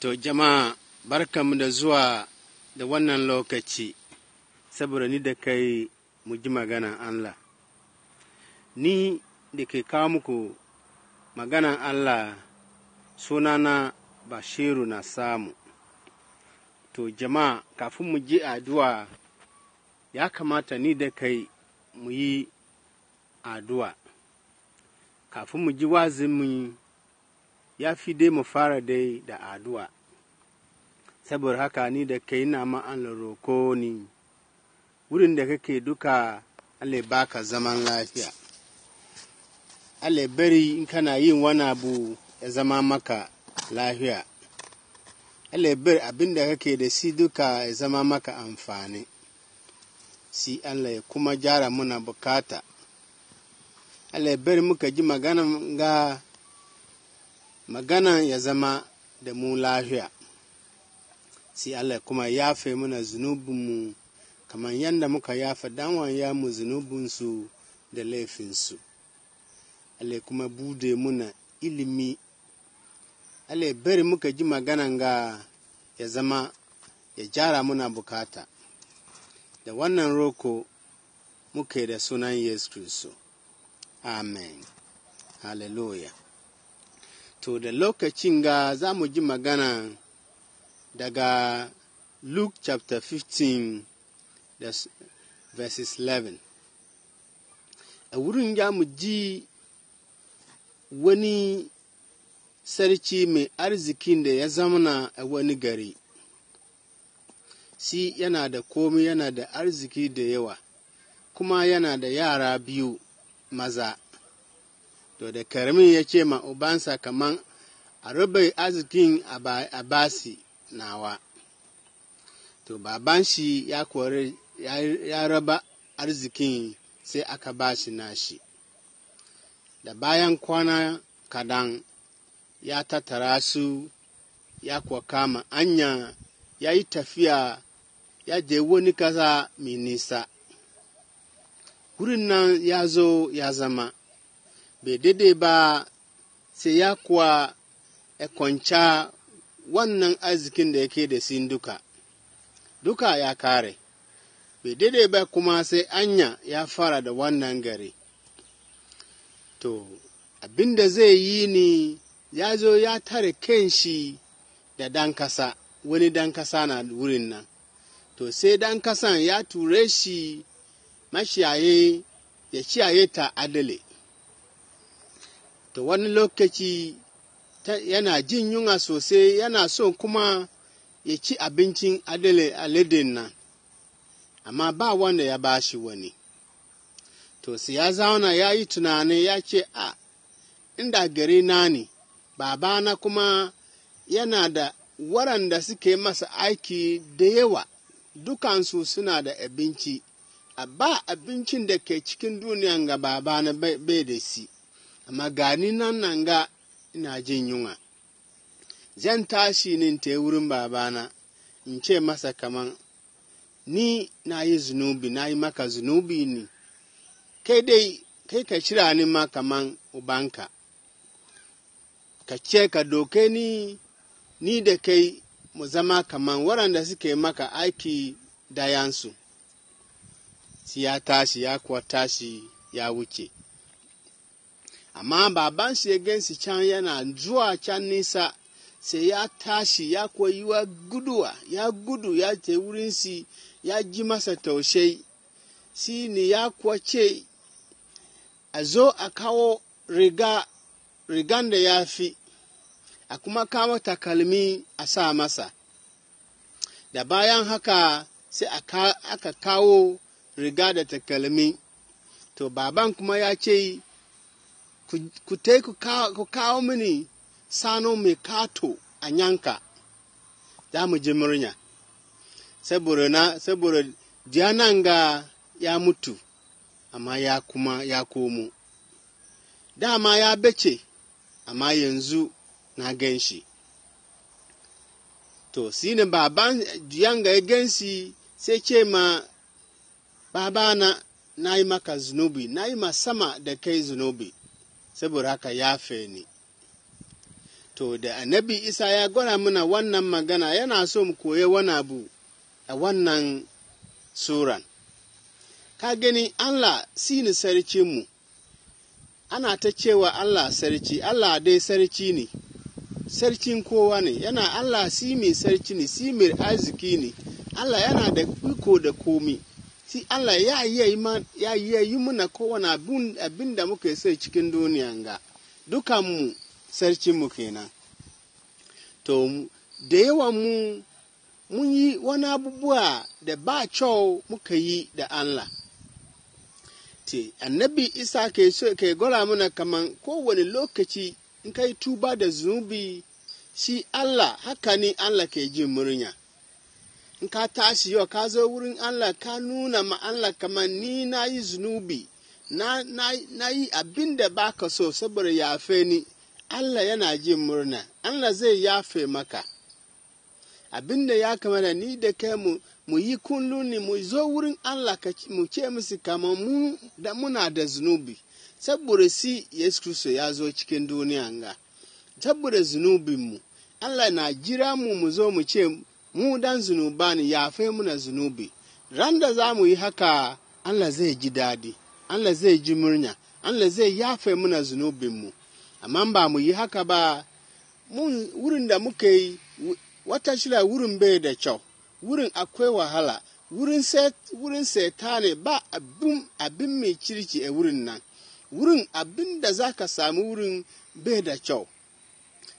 To jama'a barkanmu da zuwa da wannan lokaci, saboda ni da kai mu ji maganan Allah. Ni da ke kawo muku maganan Allah sunana Bashiru na samu. To jama'a kafin mu ji addu'a ya kamata ni da kai mu yi addu'a. Kafin mu ji wazin mu ya fi dai mu fara dai da addu'a saboda haka ni da kai na ma an roko ni wurin da kake duka ba baka zaman lafiya ale bari in kana yin wani abu ya zama maka lafiya ale bari abin da kake da si duka ya zama maka amfani si Allah ya kuma jara muna bukata ale bari muka ji magana ga maganan ya zama da mu lafiya sai Allah kuma yafe muna zunubinmu kamar yadda muka yafa damar ya mu zunubinsu da laifinsu Allah kuma bude muna ilimi Allah bari muka ji magana ga ya zama ya jara muna bukata da wannan roko muke da sunan Yesu Kristo. Amen. Hallelujah. To da lokacin ga za mu ji magana daga Luke chapter 15 verses 11. A wurin ya mu ji wani sarki mai arzikin da ya zamana a wani gari. Si yana da komi yana da arziki da yawa, kuma yana da yara biyu maza. to da karamin ya ce ma ubansa kaman a rubai arzikin a basi nawa to baban shi ya kori ya raba arzikin sai aka bashi nashi da bayan kwana kadan ya tattara su ya kuwa kama anya ya yi tafiya ya je wani kasa mai nisa wurin nan ya zo ya zama bai daidai ba sai ya kuwa ya kwanca wannan arzikin da yake da sin duka, duka ya kare, bai daidai ba kuma sai anya ya fara da wannan gari. To, abin da zai yi ni ya zo ya tare shi da dan kasa, wani dan kasa na wurin nan, to sai dan kasan ya ture shi mashiyaye ya ciyaye ta adale. to wani lokaci yana jin yunwa sosai yana son kuma ya ci abincin aladin nan amma ba wanda ya ba shi wani to sai ya zauna ya yi tunani ya ce a inda gari na ne babana kuma yana da waɗanda suke masa aiki da yawa dukansu suna da abinci a ba abincin da ke cikin duniya ga babana bai da si amma gani nan nan ga ina jin yunwa zan tashi ne ta wurin babana in ce masa kaman ni na yi zunubi na yi maka zunubi ni kai dai kai ka shira ni ma kaman ubanka ka ce ka doke ni ni da kai mu zama kaman waɗanda suke maka aiki dayansu. siya ya tashi ya kuwa tashi ya wuce amma baban shi ya gansu can yana zuwa can nisa sai ya tashi ya koyi wa guduwa ya gudu ya ce wurin si ya ji masa taushe shi ne ya kwace a zo a kawo riga rigan da ya fi a kuma kawo takalmi a sa masa da bayan haka sai aka kawo riga da takalmi to baban kuma ya ce ku tai ku kawo mini sano mai kato a yanka za mu ji murya saboda na saboda ga ya mutu amma ya kuma ya komo dama ya bace amma yanzu na gan shi to shi ne baban yanga ya gan sai ce ma babana na yi maka zunubi na yi ma sama da kai zunubi saboda haka yafe ni to da annabi isa ya gwada mana wannan magana yana so mu koya wani abu a wannan suran ka gani allah sini mu, ana ta cewa allah sarki allah dai sarki ne sarkin kowa ne yana allah si mai sarki ne si mai arziki ne allah yana da iko da komi si Allah ya ya yi mana kowane abin da muka sai cikin duniya ga dukanmu mu kenan to da yawan mu mun yi wani abubuwa da ba cewa muka yi da Allah te annabi isa ke so ke gora mana kaman kowane lokaci in kai tuba da zunubi shi Allah haka ni Allah ke jin murya in ka tashi yau ka zo wurin Allah ka nuna ma Allah kamar ni na yi zunubi na, na, na yi abin da ba ka so saboda yafe ni Allah yana ji murna Allah zai yafe maka abin da ya kamata ni da kai mu mu yi kullum ne mu zo wurin Allah mu ce musu kama mu da muna da zunubi saboda si Yesu Kristo ya zo cikin duniya ga saboda zunubinmu Allah na jira mu mu zo mu ce mu dan zunuba ne yafe muna zunubi ran da za mu yi haka Allah zai ji daɗi Allah zai ji murya Allah zai yafe muna zunubinmu amma ba mu yi haka ba mun wurin da muka yi wata shila wurin bai da kyau wurin akwai wahala wurin seta ne ba abin, abin mai kirki a wurin nan wurin abin da za ka sami wurin bai da kyau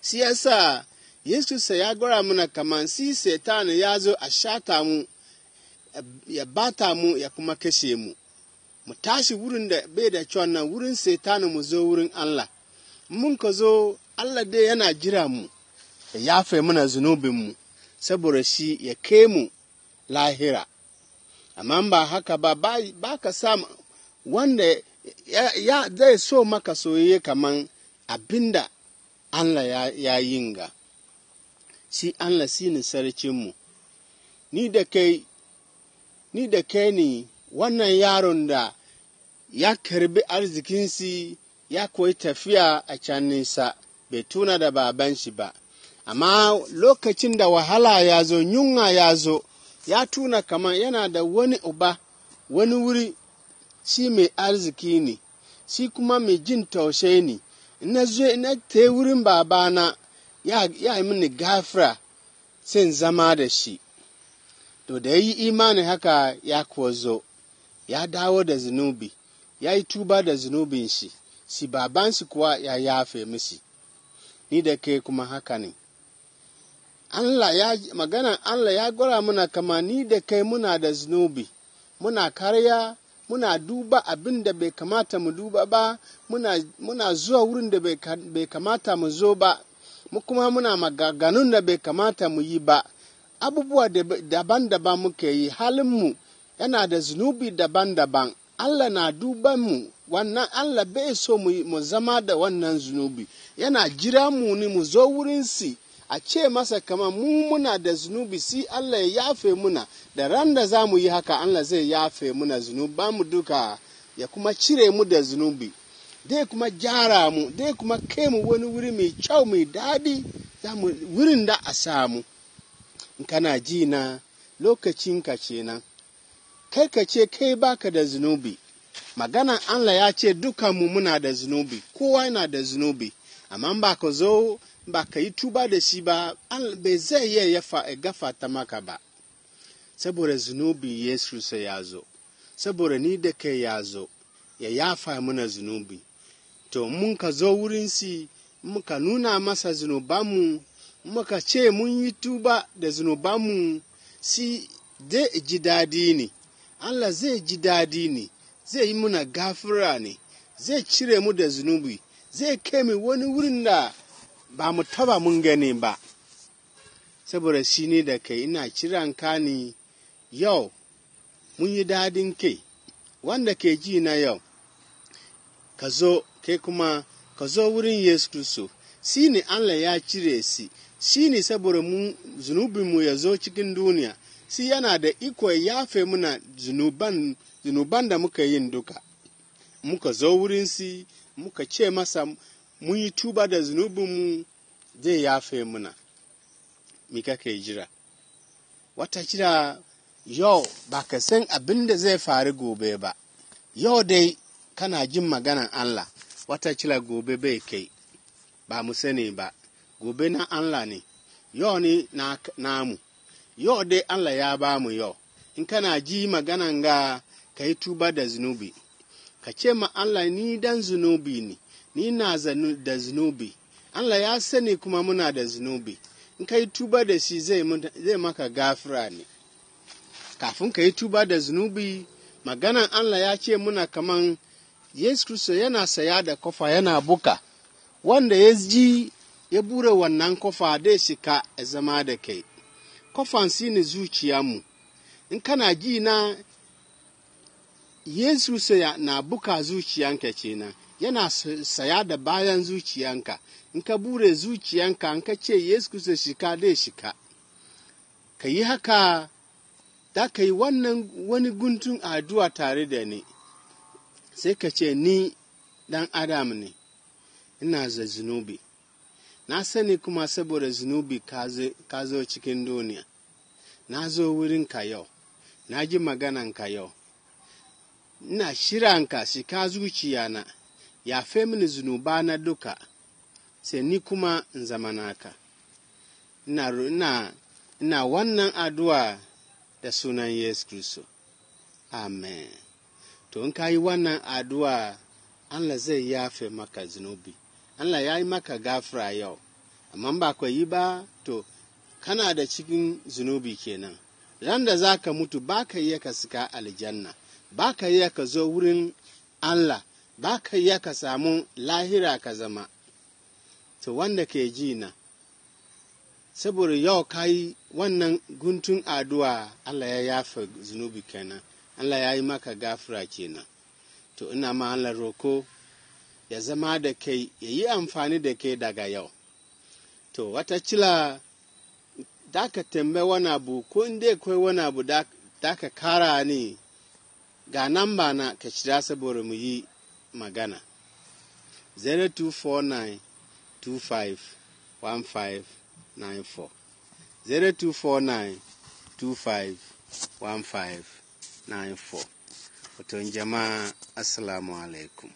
siyasa yesu sɛ ya gwara mana kaman si setan ya zo a mu ya bata mu ya kuma mu mu tashi wurin da bai da kyɔn na wurin setan mu zo wurin Allah mun ka zo Allah dai yana jira mu ya yafe mana mu saboda shi ya kai mu lahira amma ba haka ba ba ka sa wanda zai so maka soyayya kaman abinda Allah ya, ya yinga shi Allah shi ne Ni da kai, ni da kai ne wannan yaron da ya karbi arzikinsi ya koyi tafiya a can nisa, bai tuna da baban shi ba. Amma lokacin da wahala ya zo, yunwa ya zo, ya tuna kamar yana da wani uba, wani wuri, shi mai arziki ne, shi kuma mai jin taushe ne, na zo na te wurin babana. ya yi mini gafira sin zama da shi to da ya yi imanin haka ya kuwa zo ya dawo da zunubi ya yi tuba da zunubin shi si babansu kuwa ya yafe mishi ni da ke kuma haka ne Allah ya maganan Allah ya gwara muna kama ni da kai muna da zunubi muna karya muna duba abin da bai kamata mu duba ba muna zuwa wurin da bai kamata mu zo ba mu kuma muna maganganun da bai kamata mu yi ba abubuwa daban-daban muke yi halinmu yana da zunubi daban-daban allah na duban mu wannan allah bai so mu zama da wannan zunubi yana jira mu ni mu zo wurin si a ce masa kamar mu muna da zunubi si allah ya yafe muna da ran da za mu yi haka allah zai yafe muna mu duka ya kuma cire mu da zunubi dai kuma gyara mu dai kuma kai mu wani wuri mai kyau mai daɗi za mu wurin da a samu in kana ji na lokacin ce nan kai ka ce kai baka da zunubi magana Allah ya ce mu muna da zunubi kowa yana da zunubi amma ba ka zo ba ka yi tuba da shi ba bai zai iya ya ta maka ba saboda zunubi yesu sai ya zo saboda ni da kai ya zo ya yafa mana zunubi to mun ka zo wurinsi muka nuna masa zunubanmu muka ce mun yi tuba da zunubanmu si zai ji daɗi ne Allah zai ji daɗi ne zai yi muna gafura ne zai cire mu da zunubi zai kai mu wani wurin da ba mu taba mun gani ba saboda shi ne da kai ina kiran ka ne yau mun yi dadin kai wanda ke ji na yau ka zo ke kuma ka zo wurin yesu kristo shi ne allah ya cire si shi ne saboda mu zunubinmu ya zo cikin duniya shi yana da iko yafe muna zunuban, da muka yin duka muka zo wurin si muka ce masa mun yi tuba da zunubinmu zai yafe muna mi kake jira wata jira yau ba ka san abin da zai faru gobe ba yau dai kana jin maganan Allah watakila gobe bai kai ba mu sani ba gobe na Allah ne yau ne na namu yau dai Allah ya ba mu yau in kana ji maganan ga ka yi tuba da zunubi ka ce ma Allah ni dan zunubi ne ni na da zunubi Allah ya sani kuma muna da zunubi in ka yi tuba da shi zai maka gafira ne kafin ka yi tuba da zunubi maganan Allah ya ce muna kaman yesu kristo yana saya da kofa yana buka wanda ya ji ya bure wannan kofa ya shika a zama da kai kofan si ne zuciyarmu in kana ji na yesu kristo na buka zuciyanka kenan yana saya da bayan zuciyanka in ka bure zuciyanka in ka ce yesu kristo shika dai shika ka yi haka da ka yi wannan wani guntun addu'a tare da ni sai ka ce ni dan adam ne ina za zinubi na sani kuma saboda zunubi ka zo cikin duniya na zo wurin ka yau na ji ka yau ina ka zuciya na ya fe mini zunuba na duka sai ni kuma in zama naka ina, ina wannan addu'a da sunan yesu kristo amen to in ka yi wannan addu'a Allah zai yafe maka zunubi Allah ya yi maka gafira yau amma ba ka yi ba to kana da cikin zunubi kenan ran da za ka mutu ba ka iya ka sika aljanna ba ka iya ka zo wurin Allah ba ka iya ka samu lahira ka zama to wanda ke ji na saboda yau ka yi wannan guntun addu'a Allah ya yafe zunubi kenan Allah ya yi maka gafura kenan to ina ma Allah roko ya zama da kai ya yi amfani da kai daga yau to wata cila da ka wani abu ko in dai wani abu da kara ne ga nan ba na ka shirya saboda mu yi magana 0249 25 0249 25 15 94. Watu jamaa, assalamu alaikum.